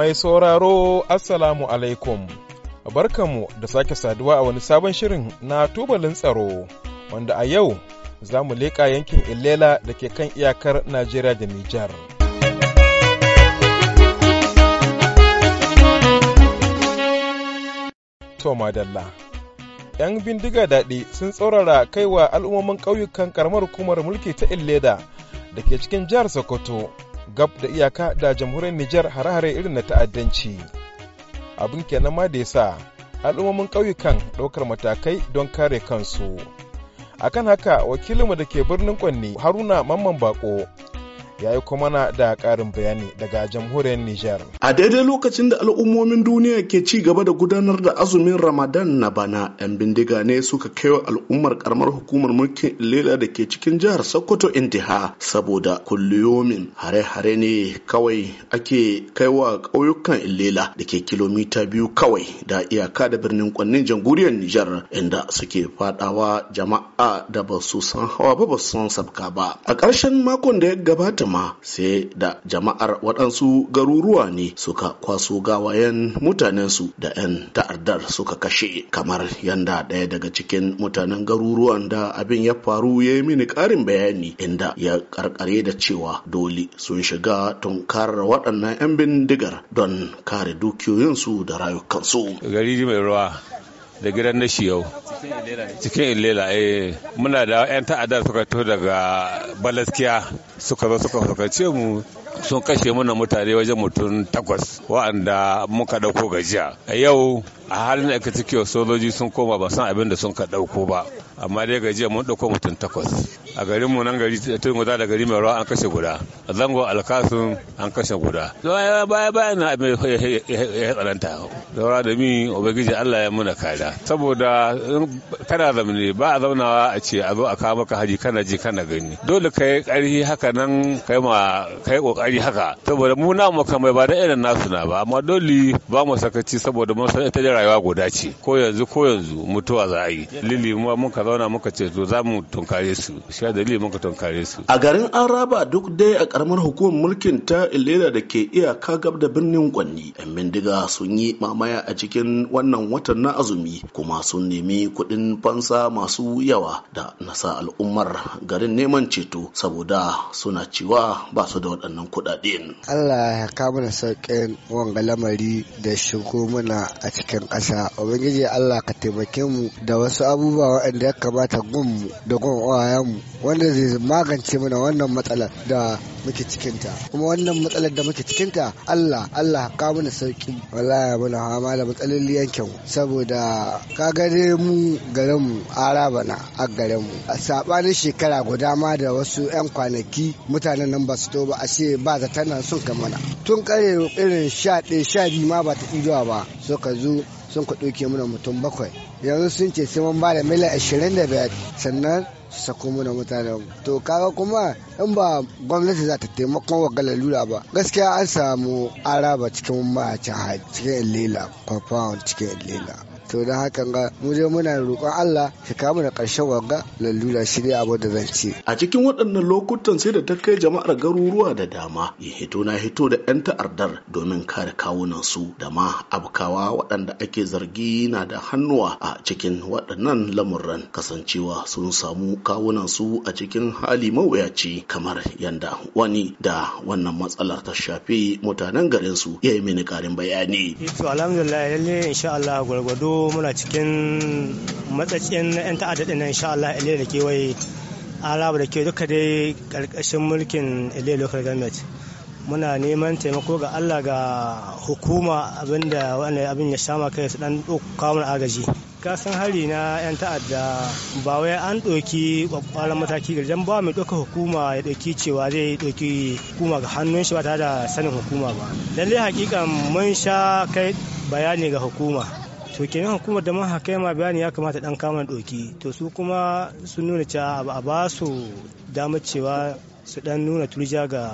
Mai sauraro Assalamu alaikum. Barkanmu da sake saduwa a wani sabon shirin na tubalin tsaro wanda a yau za mu leƙa yankin Ilela da ke kan iyakar Najeriya da Nijar. Toma 'yan bindiga daɗi sun tsaurara kaiwa al'ummomin ƙauyukan ƙaramar hukumar mulki ta illeda da ke cikin jihar sokoto gab da iyaka da jamhuriyar Nijar hare-hare irin na ta'addanci. Abin kenan ma da ya sa al'ummomin ƙauyukan ɗaukar matakai don kare kansu. Akan haka wakilinmu da ke birnin Kwanni Haruna Mamman Bako ya yi kuma na da ƙarin bayani daga jamhuriyar Nijar. A daidai lokacin da al'ummomin duniya ke ci gaba da gudanar da azumin Ramadan na bana, 'yan bindiga ne suka kaiwa al'ummar karamar hukumar mulkin Lela da ke cikin jihar Sokoto intiha saboda kulliyomin hare-hare ne kawai ake kaiwa ƙauyukan Lela da ke kilomita biyu kawai da iyaka da birnin kwannin jamhuriyar Nijar inda suke fadawa jama'a da ba su san hawa ba ba su san sabka ba. A ƙarshen makon da ya gabata ma sai da jama'ar waɗansu garuruwa ne suka kwaso gawayen mutanensu da 'yan ta'addar suka kashe kamar yanda ɗaya daga cikin mutanen garuruwan da abin ya faru ya yi mini ƙarin bayani inda ya karkare da cewa dole sun shiga tunkarar waɗannan 'yan bindigar don kare dukiyoyinsu da rayukansu. Gari mai ruwa da gidan na shiyau cikin ilela eh muna da 'yan ta'adda suka to daga balaskiya suka zo suka fuskace mu sun kashe mana mutane wajen mutum takwas wa'anda muka ɗauko gajiya a yau a halin da aka cikin sojoji sun koma ba san abin da sun ka ɗauko ba amma dai gajiya mun ɗauko mutum takwas a garin mu nan gari tun guda da gari mai ruwa an kashe guda a zango alkasun an kashe guda baya baya na abin ya tsananta daura da mi ubangiji Allah ya muna kada saboda kana zamani ba a zaunawa a ce a zo a kawo maka haji kana ji kana gani dole kai karhi haka nan kai ma kai kokari kokari haka saboda mu na mu kamar ba da irin nasu na ba amma dole ba mu sakaci saboda mun san ita da rayuwa guda ce ko yanzu ko yanzu mutuwa za a yi lili mu muka zauna muka ce to za mu tunkare su shi muka tunkare su a garin an raba duk dai a karamar hukumar mulkin ta ilera da ke iyaka gab da birnin kwanni yan bindiga sun yi mamaya a cikin wannan watan na azumi kuma sun nemi kuɗin fansa masu yawa da nasa al'ummar garin neman ceto saboda suna cewa ba su da waɗannan kuɗi kudaden Allah ya kama mana sauƙin wanga lamari da shigo mana a cikin ƙasa ubangiji Allah ka taimake mu da wasu abubuwa waɗanda ya kamata gunmu da gun mu wanda zai magance mana wannan matsalar da muke cikinta kuma wannan matsalar da muke cikinta Allah Allah ka mana sauki wallahi bana hama da matsalolin yankin saboda ka gare mu garin mu araba na a garin mu a sabanin shekara guda ma da wasu yan kwanaki mutanen nan ba su to ba a ce ba za ta nan sun kamana tun kare irin sha ɗaya sha biyu ma ba ta zuwa ba so ka zo sun ka ɗauke mana mutum bakwai yanzu sun ce sai mun ba da miliyan ashirin da biyar sannan su sako mu mutane to kaga kuma in ba gwamnati za ta taimakon wa galalura ba gaskiya an samu araba cikin mahacin cikin lela compound cikin lela to don hakan ga mu je muna roƙon Allah shi kama da ƙarshen wanga lalura shi ne abu da zan ce. A cikin waɗannan lokutan sai da ta kai jama'ar garuruwa da dama ya hito na hito da 'yan ta'ardar domin kare kawunan su da ma abkawa waɗanda ake zargi na da hannuwa a cikin waɗannan lamuran kasancewa sun samu kawunan su a cikin hali mawuyaci kamar yanda wani da wannan matsalar ta shafi mutanen garin su ya yi mini ƙarin bayani. Alhamdulillah lalle insha Allah gwargwado muna cikin matsatsin 'yan ta'adda ɗin insha Allah ile da kewaye araba da ke duka dai ƙarƙashin mulkin ile local government muna neman taimako ga Allah ga hukuma abinda wani abin ya shama kai su dan ɗauka mana agaji kasan hari na 'yan ta'adda ba wai an ɗauki ƙwaƙwaran mataki ga ba mai ɗauka hukuma ya ɗauki cewa zai ɗauki hukuma ga hannun shi ba tare da sanin hukuma ba lalle hakikan mun sha kai bayani ga hukuma to kenan hukumar da maha kai ma bayani ya kamata dan kama doki to su kuma sun nuna cewa ba a ba su dama cewa su dan nuna turja ga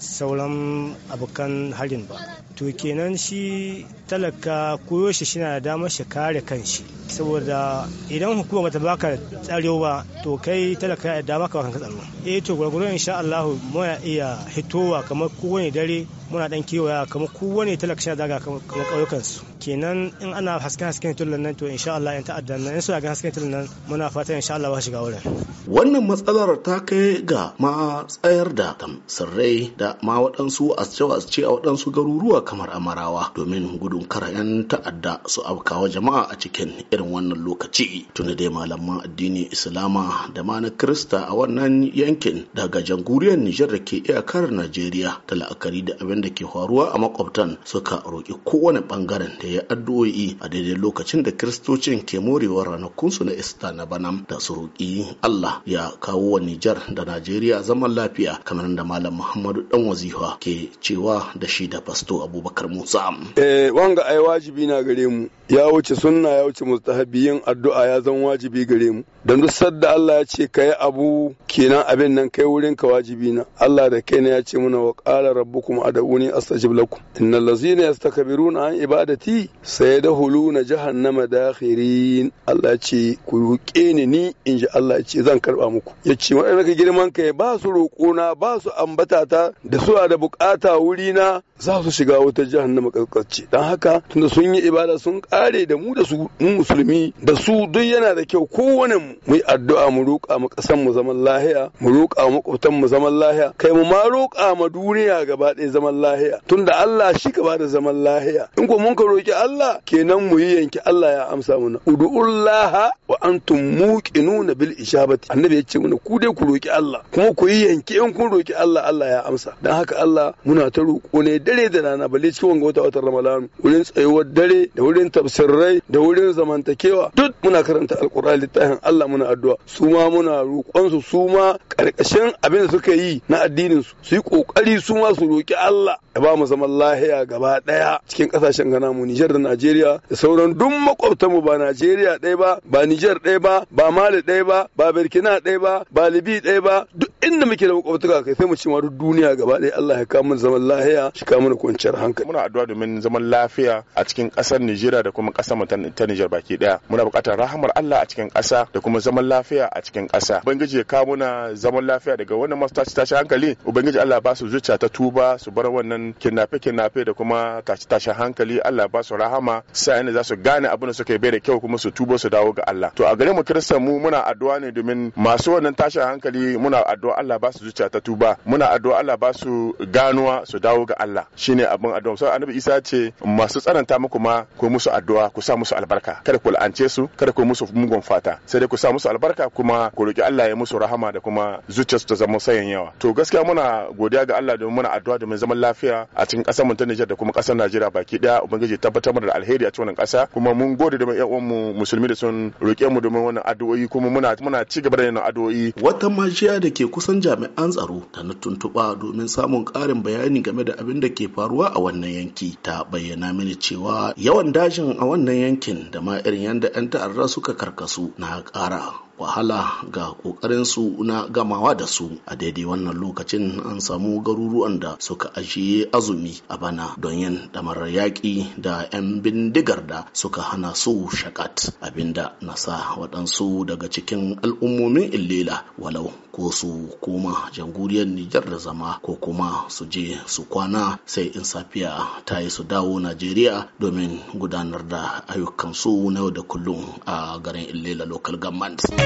sauran abokan harin ba to kenan shi talaka koyo shi shi da damar shi kare kanshi saboda idan hukuma bata baka tsaro ba to kai talaka ya dama ka baka tsaro eh to in insha Allah muna iya hitowa kamar kowane dare muna dan kewaya kamar kowane talaka shi daga kamar ƙauyukan su kenan in ana hasken hasken tullan nan to insha Allah yan ta'adda nan in su ga hasken tullan nan muna fata insha Allah ba shiga wurin wannan matsalar ta kai ga matsayar da tamsirai da ma waɗansu a ce a waɗansu garuruwa kamar amarawa domin gudun kara 'yan ta'adda su afkawa jama'a a cikin irin wannan lokaci tun dai malaman addini islama da ma na krista a wannan yankin daga jamhuriyar nijar da ke iyakar najeriya ta la'akari da abin abin da ke faruwa a makwabtan suka roƙi kowane bangaren da ya addu'o'i a daidai lokacin da kiristocin ke morewa ranakunsu na ista na banam da su roƙi allah ya kawo wa nijar da najeriya zaman lafiya kamar da malam muhammadu dan wazifa ke cewa da shi da fasto abubakar musa eh wanga ai wajibi na gare mu ya wuce sunna ya wuce mustahabi yin addu'a ya zan wajibi gare mu dan duk sadda allah ya ce yi abu kenan abin nan kai wurin ka wajibi na allah da kai ya ce muna wa ƙara rabbu kuma ud'uni astajib lakum innal ladhina yastakbiruna an ibadati sayadkhuluna jahannama dakhirin Allah ce ku roƙe ni ni in ji Allah ce zan karba muku ce waɗanda ka girman kai ba su roƙona ba su ambata ta da suna da bukata wuri na za su shiga wata jahannama ƙarƙarci. dan haka tunda sun yi ibada sun kare da mu da su mu musulmi da su duk yana da kyau kowane mu mu yi addu'a mu roƙa mu ƙasan mu zaman lahiya mu roƙa mu makwabtan mu zaman lahiya kai mu ma roƙa ma duniya gaba ɗaya zaman zaman lahiya tunda Allah shi ka bada zaman lahiya in ko mun ka roki Allah kenan mu yi yanki Allah ya amsa mana ud'ullaha wa antum muqinuna bil ijabati annabi ya ce mana ku dai ku roki Allah kuma ku yi yanki in kun roki Allah Allah ya amsa dan haka Allah muna ta roko ne dare da rana balle cikin wanga wata watan Ramadan wurin tsayuwar dare da wurin tafsirrai da wurin zamantakewa duk muna karanta alqur'ani littafin Allah muna addu'a su ma muna roƙon su su ma karkashin abin da suka yi na addinin su su yi kokari su ma su roki Allah Allah ya ba mu zaman lahiya gaba daya cikin kasashen gana mu Nijar da Najeriya da sauran duk makwabtan mu ba Najeriya ɗaya ba ba Nijar ɗaya ba ba Mali ɗaya ba ba Burkina ɗaya ba ba Libi ɗaya ba duk inda muke da makwabtaka kai sai mu ci ma duk duniya gaba ɗaya Allah ya kawo mun zaman lafiya shi kawo mun kwanciyar hankali muna addu'a domin zaman lafiya a cikin ƙasar Nijeriya da kuma ƙasar mu ta Nijar baki ɗaya muna buƙatar rahamar Allah a cikin ƙasa da kuma zaman lafiya a cikin ƙasa ubangiji ya kawo zaman lafiya daga wannan masu tashi tashi hankali ubangiji Allah ba su zuciya ta tuba su bar wannan kinnafe kinnafe da kuma tashi tashi hankali Allah ba su rahama sa'in da za su gane abin da suka bai da kyau kuma su tubo su dawo ga Allah to a gare mu kiristan mu muna addu'a ne domin masu wannan tashi hankali muna addu'a ala Allah ba su zuciya ta tuba muna addu'a Allah ba su ganuwa su dawo ga Allah shine abin addu'a sai annabi Isa ce masu tsananta muku ma ku musu addu'a ku sa musu albarka kada ku la'ance su kada ku musu mugun fata sai dai ku sa musu albarka kuma ku roki Allah ya musu rahama da kuma su ta zama sayan yawa to gaskiya muna godiya ga Allah domin muna addu'a domin zaman lafiya a cikin ƙasar mu ta Nijar da kuma kasar Najeriya baki daya ubangiji tabbatar mana da alheri a cikin ƙasa. kuma mun gode da yan uwanmu musulmi da sun roke mu domin wannan addu'o'i kuma muna muna ci gaba da yin addu'o'i wata majiya da ke kusan jami'an tsaro da na tuntuɓa domin samun ƙarin bayani game da abin da ke faruwa a wannan yanki ta bayyana mini cewa yawan dajin a wannan yankin da ma irin yadda 'yan ta'arda suka karkasu na ƙara wahala ga ƙoƙarinsu na gamawa da su a daidai wannan lokacin an samu garuruwan da suka ajiye azumi a bana don yin damar yaƙi da 'yan bindigar da suka hana su shakat abinda na sa waɗansu daga cikin al'ummomin illela walau ko su koma jamhuriyar nijar da zama ko kuma su je su kwana sai in safiya ta yi su dawo najeriya domin gudanar da ayyukansu na yau da kullum a garin illela local government.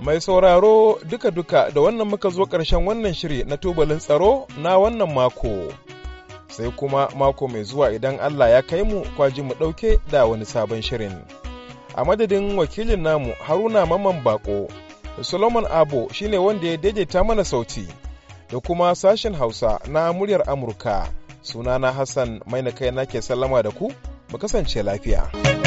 Mai sauraro duka-duka da wannan muka zo ƙarshen wannan shiri na tubalin tsaro na wannan mako. Sai kuma mako mai zuwa idan Allah ya kai mu kwaji mu ɗauke da wani sabon shirin. A madadin wakilin namu Haruna mamman Bako, Solomon Abo shine wanda ya daidaita mana sauti da kuma sashen Hausa na muryar Amurka. sunana hassan mai na kai na ke sallama da ku mu kasance lafiya.